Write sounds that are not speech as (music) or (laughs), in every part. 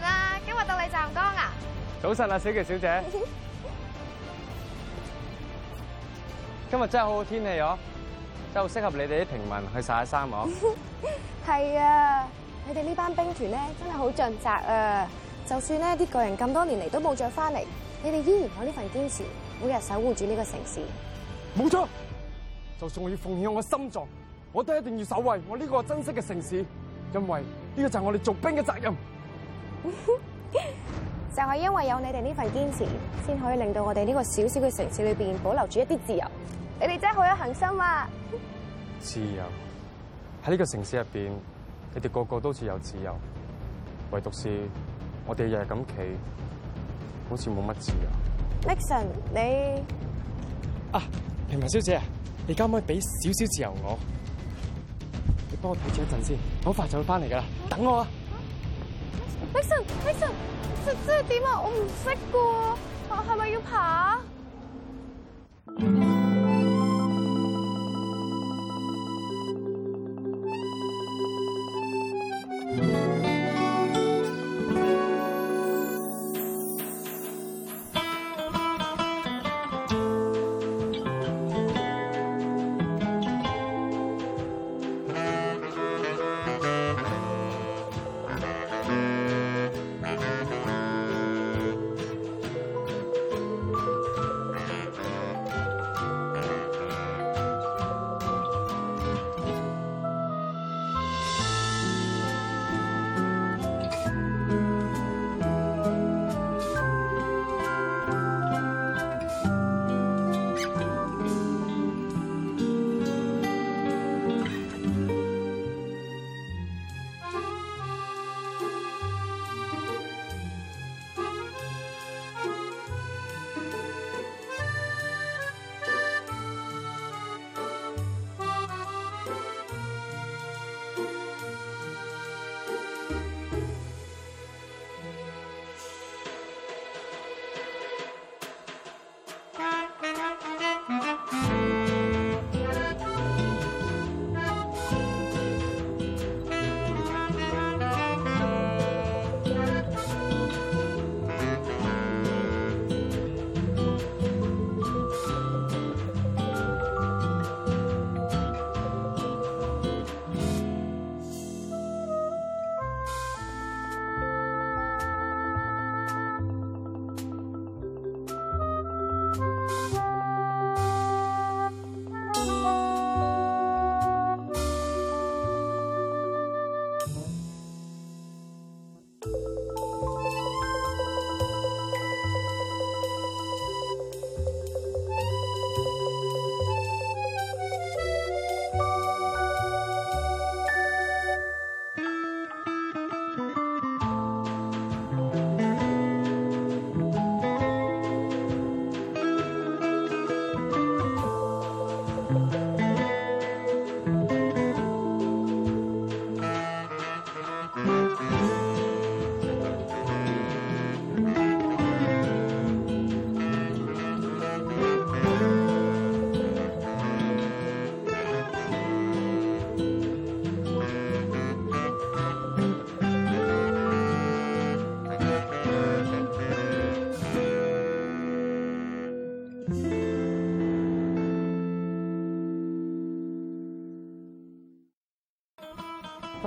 啊，今日到你站崗啊！早晨啊，小喬小姐，今日真係好好天氣哦，真係好適合你哋啲平民去晒下衫哦。係 (laughs) 啊，你哋呢班兵團咧，真係好盡責啊！就算呢啲巨人咁多年嚟都冇再翻嚟，你哋依然有呢份堅持，每日守護住呢個城市。冇錯，就算我要奉獻我嘅心臟，我都一定要守衛我呢個珍惜嘅城市，因為呢個就係我哋做兵嘅責任。 (laughs) 就係因為有你哋呢份堅持，先可以令到我哋呢個小小嘅城市裏邊保留住一啲自由。你哋真係好有恆心啊！自由喺呢個城市入邊，你哋個個都似有自由，唯獨是我哋日日咁企，好似冇乜自由。Mixson，你啊，平平小姐啊，你今晚俾少少自由我，你幫我睇住一陣先，好快就會翻嚟噶啦，等我啊！Victor，Victor，即即係點啊？我唔識嘅，我係咪要爬？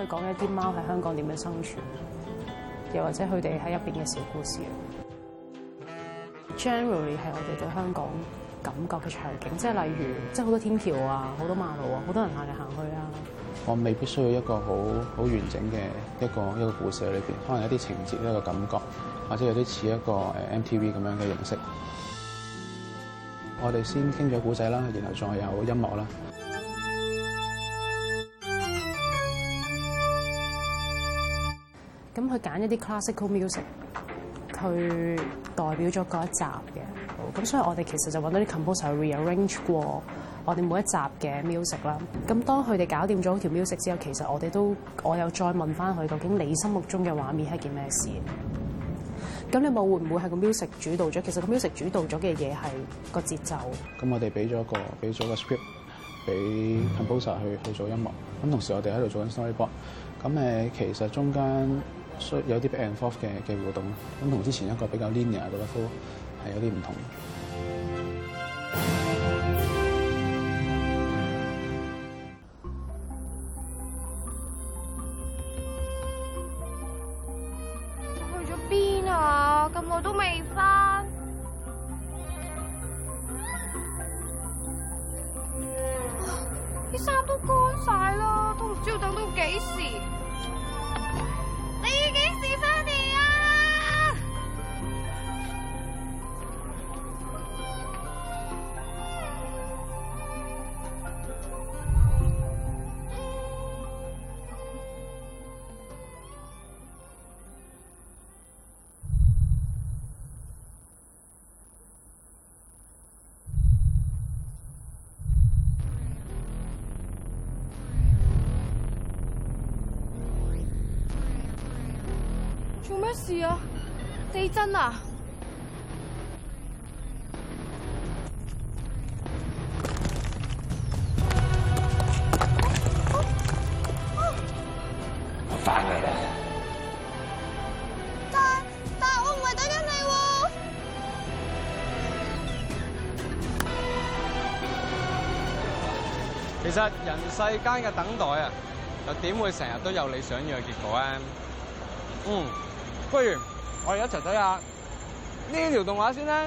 佢講一啲貓喺香港點樣生存，又或者佢哋喺入邊嘅小故事。Generally 係我哋對香港感覺嘅場景，即係例如，即係好多天橋啊，好多馬路啊，好多人行嚟行去啊。我未必需要一個好好完整嘅一個一個故事喺裏邊，可能有啲情節一個感覺，或者有啲似一個誒 MTV 咁樣嘅形式。我哋先傾咗故仔啦，然後再有音樂啦。咁佢揀一啲 classical music，佢代表咗嗰一集嘅，咁所以我哋其實就揾到啲 composer rearrange 過我哋每一集嘅 music 啦。咁當佢哋搞掂咗條 music 之後，其實我哋都我有再問翻佢，究竟你心目中嘅畫面係件咩事？咁你冇會唔會係個 music 主導咗？其實個 music 主導咗嘅嘢係個節奏。咁我哋俾咗個俾咗個 script 俾 composer 去去做音樂。咁同時我哋喺度做緊 Storyboard。咁誒，其實中間所以有啲被 involve 嘅嘅活動咯，咁同之前一個比較 linear 嗰一科係有啲唔同。咩事啊！地震啊！我返嚟喇！但，但，我唔係等緊你喎。其實人世間嘅等待啊，又點會成日都有你想要嘅結果咧？嗯。不如我哋一齊睇下呢條動畫先啦。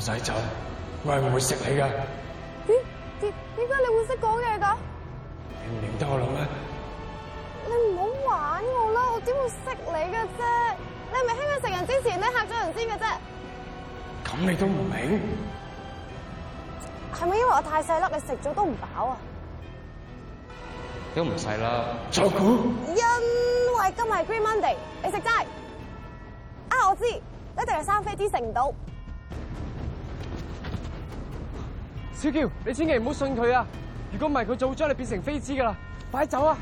唔使走，我係唔會食你噶。咦？點點解你會識講嘢噶？你唔認得我喇咩？你唔好玩我啦，我點會識你嘅啫？你係咪希望食人之前咧吓咗人先嘅啫？咁你都唔明？係咪因為我太細粒？你食咗都唔飽啊？都唔細啦，再估說。因為今日係 Green Monday，你食齋。啊，我知，你一定係三飛啲食唔到。小喬，你千祈唔好信佢啊！如果唔係，佢就將你變成飛機噶啦！快走啊！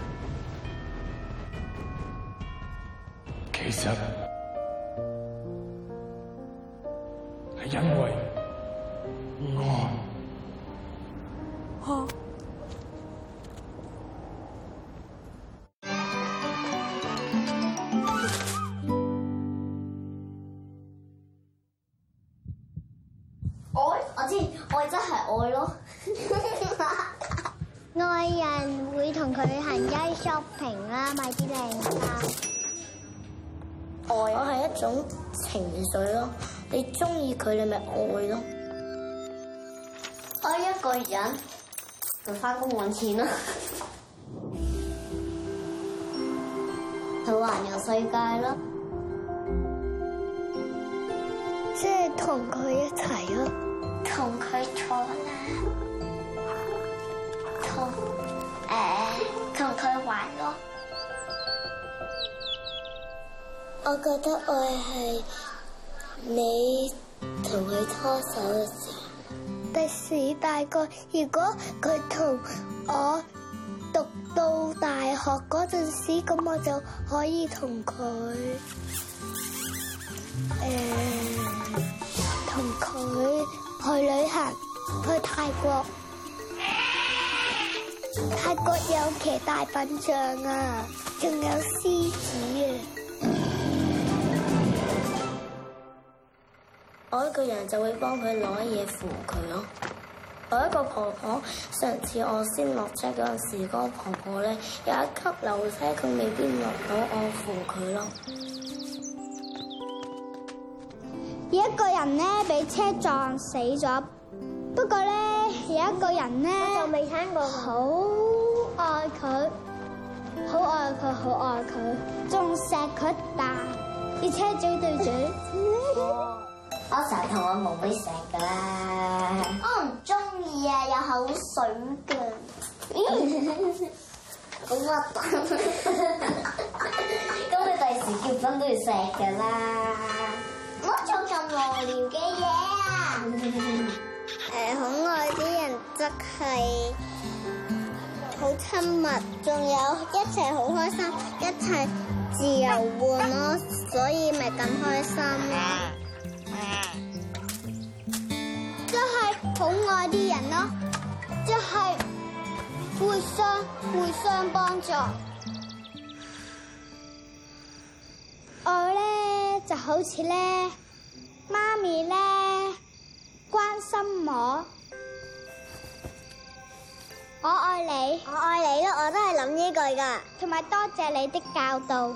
其實，係因為。我知我真是愛，真係愛咯，愛人會同佢行街 shopping 啦，買啲靚衫。愛我係一種情緒咯，你中意佢你咪愛咯。愛一個人，就翻工搵錢咯。去環遊世界咯，即係同佢一齊咯。同佢坐啦，同誒同佢玩咯。我覺得我係你同佢拖手嘅時候。第時大概，如果佢同我讀到大學嗰陣時，咁我就可以同佢誒同佢。呃去旅行，去泰國。泰國有騎大笨象啊，仲有獅子啊。我一個人就會幫佢攞嘢，扶佢咯。我一個婆婆，上次我先落車嗰陣時，嗰個婆婆咧有一級樓梯，佢未必落到，我扶佢咯。有一個人咧被車撞死咗，不過咧有一個人咧就未聽過好愛佢，好愛佢，好愛佢，仲錫佢啖，而且嘴對嘴。我成日同我妹妹錫噶啦。我唔中意啊，有口水噶。好核突，咁你第時結婚都要錫噶啦。聊嘅嘢啊！誒， (laughs) 好愛啲人，則係好親密，仲有一齊好開心，一齊自由換咯，所以咪咁開心咯。即係好愛啲人咯，即係互相互相幫助。我咧就好似咧。媽咪呢？關心我，我愛你，我愛你，我都係諗呢句噶，同埋多謝你的教導。